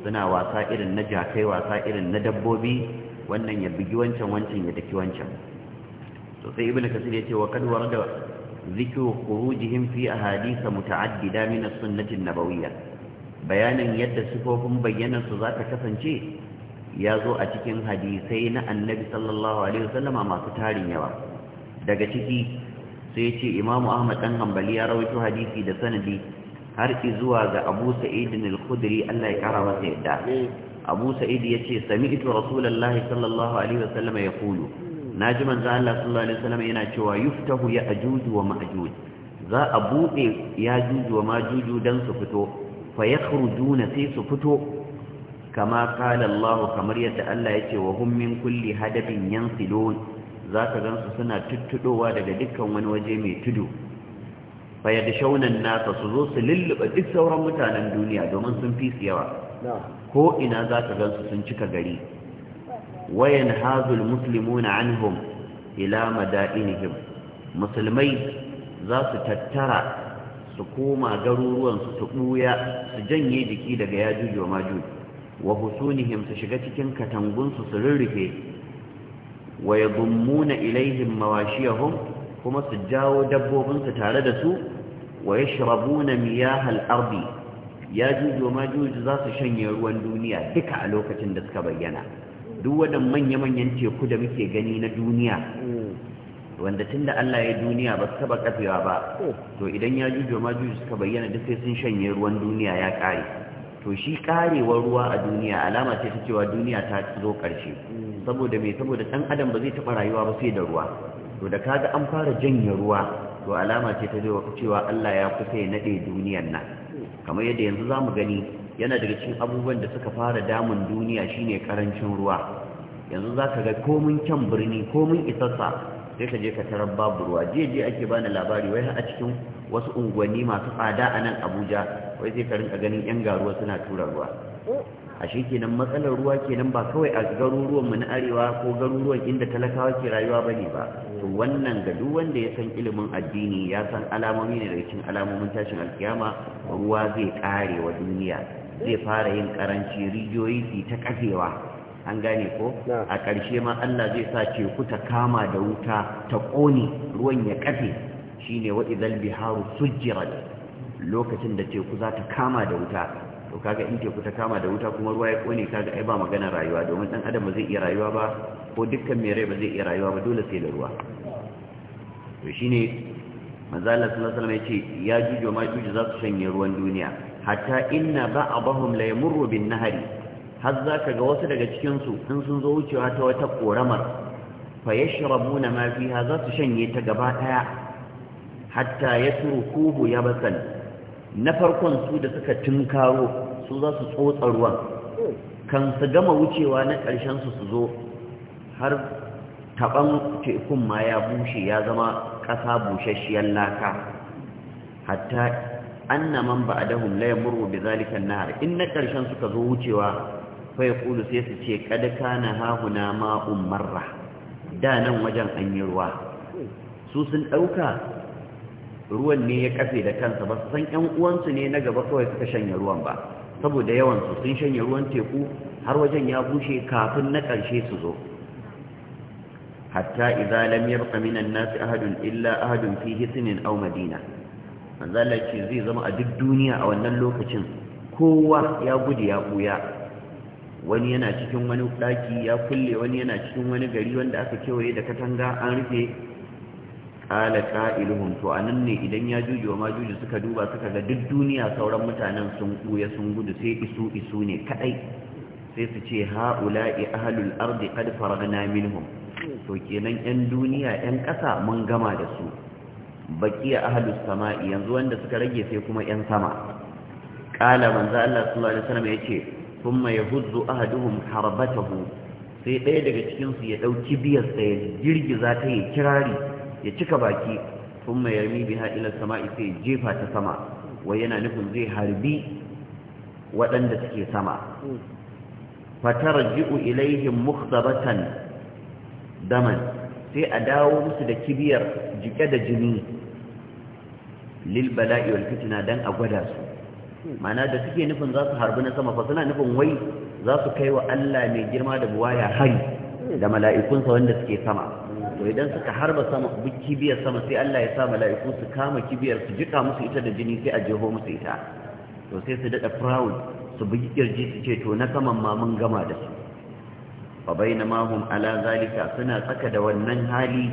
suna wasa irin na jakai wasa irin na dabbobi wannan ya bugi wancan wancan ya daki wancan to sai ibnu kasir yace wa kad warada zikru khurujihim fi ahadith muta'addida min as-sunnati an-nabawiyya bayanin yadda sifofin bayyanan su zaka kasance ya zo a cikin hadisai na annabi sallallahu alaihi wasallama masu tarin yawa daga ciki sai yace imamu ahmad dan hanbali ya rawaito hadisi da sanadi har zuwa ga Abu Sa'id al-Khudri Allah ya kara masa yadda Abu ya ce, sami sami'tu Rasulallah! sallallahu alaihi wa ya wasallam Na ji manzo Allah sallallahu alaihi wa wasallam yana cewa yuftahu ya'juj wa ma'juj za a buɗe ya ya'juj wa ma'juj dan su fito fa yakhrujuna sai su fito kama qala Allah kamar yadda Allah ya ce wa hum min kulli hadabin yansilun za ka gansu suna tuttudowa daga dukkan wani waje mai tudu da shaunan nasa su zo su lulluɓe duk sauran mutanen duniya domin sun fi su yawa ko ina za ka gansu sun cika gari wayan hazul na anhum ila daɗinihim musulmai za su tattara su koma garuruwan su su su janye jiki daga yajuj wa majuj wa husunihim su shiga cikin katangunsu su rurrufe wa gummuna ilaihim mawashiyahum kuma su jawo dabbobinsu tare da su ويشربون مياه الأرض ya juju ma za su shanye ruwan duniya duka a lokacin da suka bayyana duk wadan manya-manyan teku da muke gani na duniya wanda tun da Allah ya duniya ba su taba kafewa ba to idan ya juju ma suka bayyana duk sai sun shanye ruwan duniya ya kare to shi karewar ruwa a duniya alama ce ta cewa duniya ta zo karshe saboda me saboda dan adam ba zai taba rayuwa ba sai da ruwa to da kaga an fara janye ruwa to alama ce ta cewa Allah ya fi ya naɗe duniyar nan kamar yadda yanzu za mu gani yana daga cikin abubuwan da suka fara damun duniya shine karancin ruwa yanzu za ka ga komin kyan birni komin isassa sai ka je ka tarar babu ruwa jiya jiya ake bani labari wai a cikin wasu unguwanni masu tsada a nan Abuja wai sai ka rinka ganin yan garuwa suna tura ruwa ashe kenan matsalar ruwa kenan ba kawai a garuruwan mu na arewa ko garuruwan inda talakawa ke rayuwa bane ba to wannan ga duk wanda ya san ilimin addini ya san alamomi ne daga cikin alamomin tashin alkiyama ruwa zai kare wa duniya zai fara yin karanci rijiyoyi su ta kafewa an gane ko a ƙarshe ma Allah zai sa teku ta kama da wuta ta ƙone ruwan ya kafe shine wa idzal biharu sujjirat lokacin da teku za ta kama da wuta to kaga in teku ta kama da wuta kuma ruwa ya kone kaga ai ba magana rayuwa domin dan adam ba zai iya rayuwa ba ko dukkan mai rai ba zai iya rayuwa ba dole sai da ruwa to shine manzo Allah sallallahu alaihi wasallam ya jujo ma jujo za su shanye ruwan duniya hatta inna ba'dahum la yamurru bin nahri har za ka ga wasu daga cikin su in sun zo wucewa ta wata koramar fa yashrabuna ma fiha za su shanye ta gaba daya hatta yatrukuhu yabasan na farkon su da suka tunkaro su za su tsotsa ruwan kan su gama wucewa na ƙarshen su su zo har taɓan tekun ma ya bushe ya zama ƙasa bushashiyar laka hatta anna man dahun la murwa bi zalikan na in na ƙarshen suka zo wucewa fa Kulu sai su ce ƙadaka na hahuna ma'un marra da nan wajen an yi ruwa su sun ɗauka ruwan ne ya kafe da kansa ba su san ƴan uwansu ne na gaba kawai suka shanya ruwan ba saboda yawan su sun shanya ruwan teku har wajen ya bushe kafin na ƙarshe su zo hatta idza lam yabqa minan nas ahadun illa ahadun fi hisnin aw madina manzala ce zai zama a duk duniya a wannan lokacin kowa ya gudu ya buya wani yana cikin wani daki ya kulle wani yana cikin wani gari wanda aka kewaye da katanga an rufe qala qa'iluhum to anan ne idan ya juji wa majuji suka duba suka ga duk duniya sauran mutanen sun buya sun gudu sai isu isu ne kaɗai. sai su ce ha'ula'i ahlul ardi qad faragna minhum to kenan yan duniya yan ƙasa mun gama da su baqiya ahlus sama'i yanzu wanda suka rage sai kuma yan sama ƙala manzo Allah sallallahu alaihi wasallam yace thumma yahuzzu ahaduhum harbatahu sai ɗaya daga cikinsu ya ɗauki biyarsa jirgi za ta yi kirari ya cika baki mai yarmi biha ila sama'i sai jefa ta sama wai yana nufin zai harbi waɗanda suke sama ji'u ilaihin mukhtabatan daman sai a dawo musu da kibiyar jike da jini lil bala'i wal fitna dan a gwada su mana da suke nufin za su harbi na sama fa suna nufin wai za su kai wa Allah mai girma da buwaya hari da mala'ikunsa wanda suke sama to idan suka harba sama kibiyar sama sai Allah ya sa mala'iku su kama kibiyar su jika musu ita da jini sai a jeho musu ita to sai su dada proud su bugi kirji su ce to na saman ma mun gama da su fa bainama hum ala zalika suna tsaka da wannan hali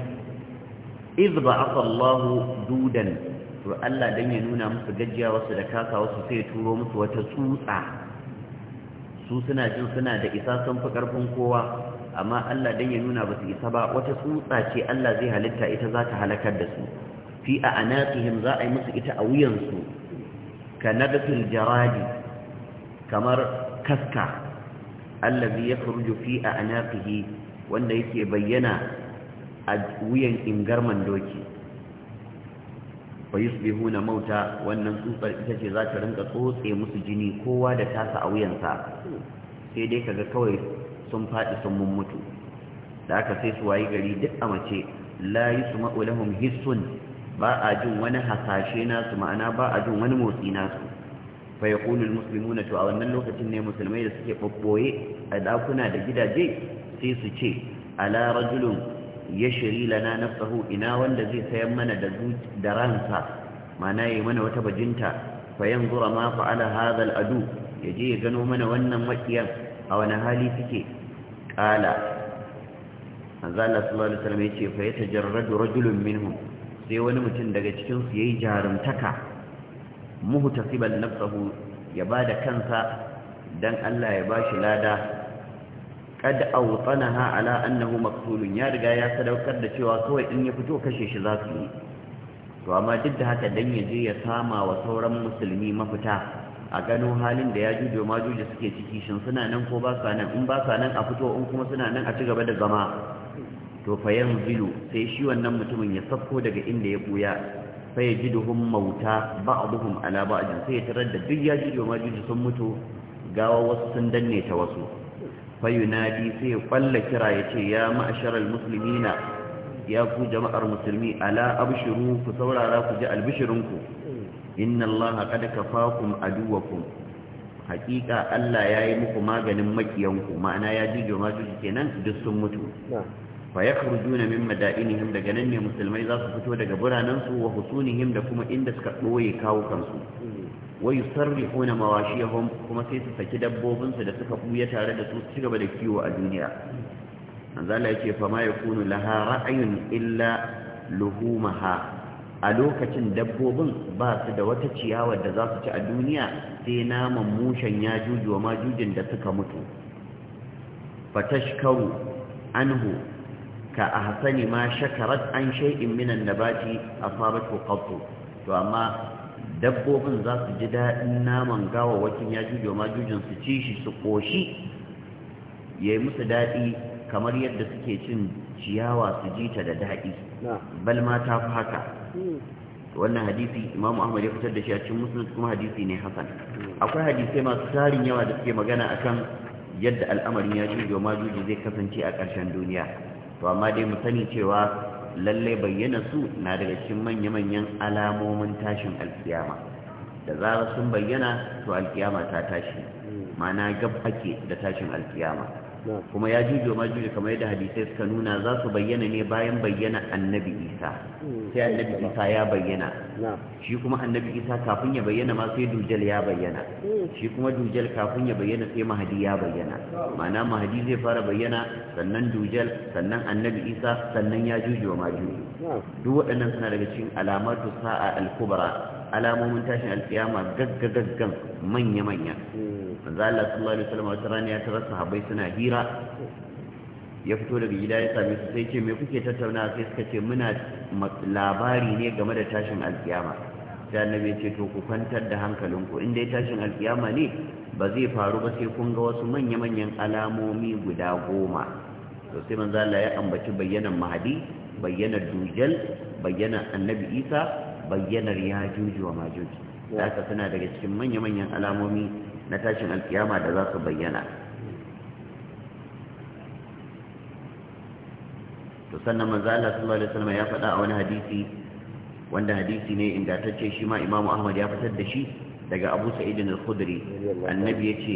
Izba ba'atha Allah dudan to Allah dan ya nuna musu gajiya wasu da kasa wasu sai turo musu wata tsutsa su suna jin suna da isa sun fi karfin kowa amma Allah dan ya nuna ba su isa ba wata tsutsa ce Allah zai halitta ita za ta halakar da su fi a anaqihim za a yi musu ita a wuyansu ka nadfil kamar kaska allazi yakhruju fi a anaqihi wanda yake bayyana a wuyan ingarman doki fayusbihuna mauta wannan tsutsar ita ce za ta rinka tsotse musu jini kowa da tasa a wuyansa sai dai kaga kawai sun faɗi sun mun mutu da aka sai su wayi gari duk a mace la yusma'u lahum hissun ba a jin wani hasashe nasu ma'ana ba a jin wani motsi nasu fa yaqulu almuslimuna to a wannan lokacin ne musulmai da suke ɓaɓɓoye a dakuna da gidaje sai su ce ala rajulun yashri lana nafsuhu ina wanda zai sayan mana da da ransa ma'ana yi mana wata bajinta fa yanzura ma fa'ala hadha aladu yaje ya gano mana wannan makiyan a wani hali suke qala manzo sallallahu alaihi wasallam yace fa yatajarradu rajulun minhum sai wani mutum daga cikin su yayi jarumtaka muhtasiban nafsuhu ya bada kansa dan Allah ya bashi lada kad awtanaha ala annahu maqtulun ya riga ya sadaukar da cewa kawai in ya fito kashe shi za su yi to amma duk da haka dan ya je ya sama wa sauran musulmi mafita a gano halin da ya jujo ma jujo suke ciki shin suna nan ko ba sa nan in ba sa nan a fito in kuma suna nan a ci gaba da zama to fa zilu sai shi wannan mutumin ya safko daga inda ya buya sai fa yajiduhum mauta ba'dhum ala ba'd sai ya tarar da duk ya jujo ma jujo sun mutu gawa wasu sun danne ta wasu fa yunadi sai ya kwalla kira ya ce ya ma'asharal muslimina ya ku jama'ar musulmi ala abshuru ku saurara ku ji albishirinku inna allaha qad kafakum aduwakum hakika Allah ya yi muku maganin makiyanku ma'ana ya jige masu kenan duk sun mutu fa yakhrujuna min madainihim daga nan ne musulmai za su fito daga biranensu wa husunihim da kuma inda suka doye kawo kansu mm. wa yusarrihuna mawashiyahum kuma sai su saki dabbobin su da suka buya tare da su ci gaba da kiwo a duniya manzo Allah yake fa ma yakunu laha ra'ayun illa luhumaha a lokacin dabbobin ba su da wata ciyawa da za su ci a duniya sai naman mushen ya jujuwa majujin da suka mutu fatashkaru anhu ka ahsani ma shakarat an shay'in min an-nabati asabatu qattu to amma dabbobin za su ji daɗin naman gawawakin ya jujuwa majujin su ci shi su koshi yayi musu daɗi kamar yadda suke cin ciyawa su ji ta da daɗi bal ma ta fi haka wannan hadisi imam ahmad ya fitar da shi a cikin musnad kuma hadisi ne hasan akwai hadisai masu tarin yawa da suke magana akan yadda al'amarin ya juji wa majuji zai kasance a ƙarshen duniya to amma dai mu sani cewa lallai bayyana su na daga cikin manya-manyan alamomin tashin alkiyama da zarar sun bayyana to alkiyama ta tashi ma'ana gab ake da tashin alkiyama kuma ya jujo ma jujo kamar yadda hadisai suka nuna za su bayyana ne bayan bayyana annabi isa sai annabi mm. isa ya bayyana shi kuma annabi isa kafin ya bayyana ma sai dujal ya bayyana mm. shi kuma dujal kafin ya bayyana sai mahadi ya bayyana ma'ana mahadi zai fara bayyana sannan dujal sannan annabi isa sannan ya jujo ma jujo duk waɗannan suna daga cikin alamatu sa'a al-kubra alamomin tashin alkiyama gagga gaggan manya manya hmm. manzo Allah sallallahu alaihi wasallam wata rana ya tarar sahabbai suna hira ya fito daga gida ya same su sai ce me kuke tattauna sai suka ce muna labari ne game da tashin alkiyama sai annabi ya ce to ku kwantar da hankalinku in dai tashin alkiyama ne ba zai faru ba sai kun ga wasu manya manyan alamomi guda goma to sai manzo Allah ya ambaci bayyanan mahadi bayyanar dujal bayyanar annabi Isa bayyanar ya juji wa majuji da aka suna daga cikin manya-manyan alamomi na tashin alkiyama da za su bayyana to sannan manzo Allah sallallahu alaihi wasallam ya faɗa a wani hadisi wanda hadisi ne ingantacce shi ma Imam Ahmad ya fitar da shi daga Abu Sa'id al-Khudri annabi yace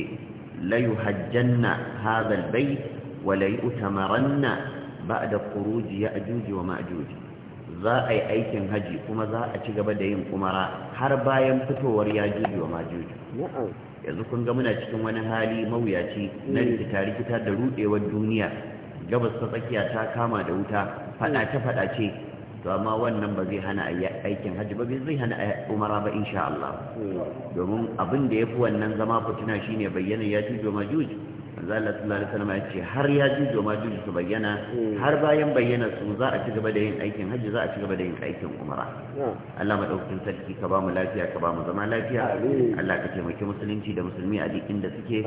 la yuhajjanna hadha al-bayt wa la yu'tamaranna ba'da khuruj ya'juj wa ma'juj za a yi aikin haji kuma za a ci gaba da yin umara har bayan fitowar ya juji wa majuji yanzu kun ga muna cikin wani hali mawuyaci na hmm. rikita rikita da rudewar duniya gabas ta tsakiya ta kama da wuta fadace fadace to amma wannan ba zai hana aikin haji ba zai hana umara ba insha Allah hmm. domin abin da yafi wannan zama fitina shine bayyana ya juji wa majuji manzo Allah sallallahu alaihi wasallam ya ce har ya ji ma jujo su bayyana hmm. har bayan bayyana su za a ci gaba da yin aikin hajji za a ci gaba da yin aikin umara hmm. Allah madaukakin sarki ka ba mu lafiya ka ba mu zama lafiya Allah ka taimaki musulunci da musulmi a duk inda suke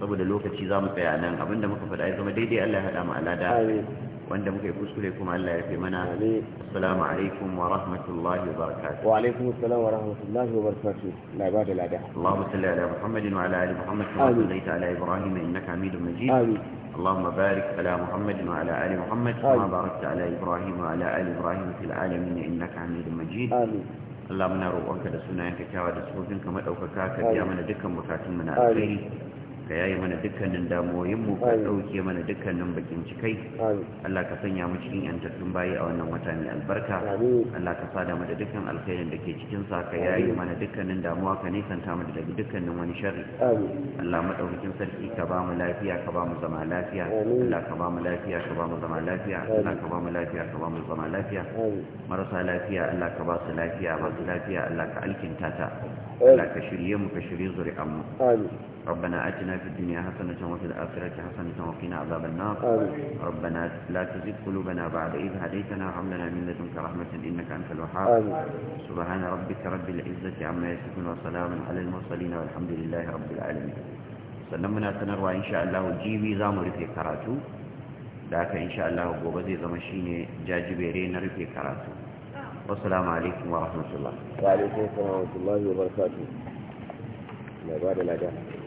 saboda lokaci za mu tsaya nan abinda muka faɗa ya zama daidai Allah ya haɗa mu alada wanda muka yi kuskure kuma Allah ya fi mana assalamu alaikum wa rahmatullahi wa barakatuh wa alaikum assalam wa rahmatullahi wa barakatuh la ba da lada Allahumma salli ala Muhammadin wa ala ali Muhammad kama sallaita ala Ibrahim innaka Hamidum Majid amin اللهم بارك على ala Ali آل محمد كما باركت Ibrahim إبراهيم وعلى آل إبراهيم في العالمين إنك حميد مجيد آمين Allah muna roƙonka da sunayenka kyawa da tsofinka maɗaukaka ka biya mana dukkan mu na alkhairi ka yayi mana dukkanin damuwoyinmu ka ɗauke mana dukkanin bakin cikai Allah ka sanya mu cikin yantattun bayi a wannan wata mai albarka Allah ka sada mu da dukkan alkhairin da ke cikin sa ka yayi mana dukkanin damuwa ka nisanta mu daga dukkanin wani sharri Allah madaukakin sarki ka ba mu lafiya ka ba mu zama lafiya Allah ka ba mu lafiya ka ba mu zama lafiya Allah ka ba mu lafiya ka ba mu zama lafiya marasa lafiya Allah ka ba su lafiya ba su lafiya Allah ka alkinta ta Allah ka shirye mu ka shirye zuri'an mu ربنا آتنا في الدنيا حسنة وفي الآخرة حسنة وقنا عذاب النار ربنا لا تزغ قلوبنا بعد إذ هديتنا وهب لنا من لدنك رحمة إنك أنت الوهاب سبحان ربك رب العزة عما يصفون وسلام على المرسلين والحمد لله رب العالمين sannan muna sanarwa insha Allah jibi za mu rufe karatu da haka insha Allah gobe zai zama shine jajibere na rufe karatu wassalamu alaikum wa rahmatullah
wa alaikum wa rahmatullahi
wa mai ba da lada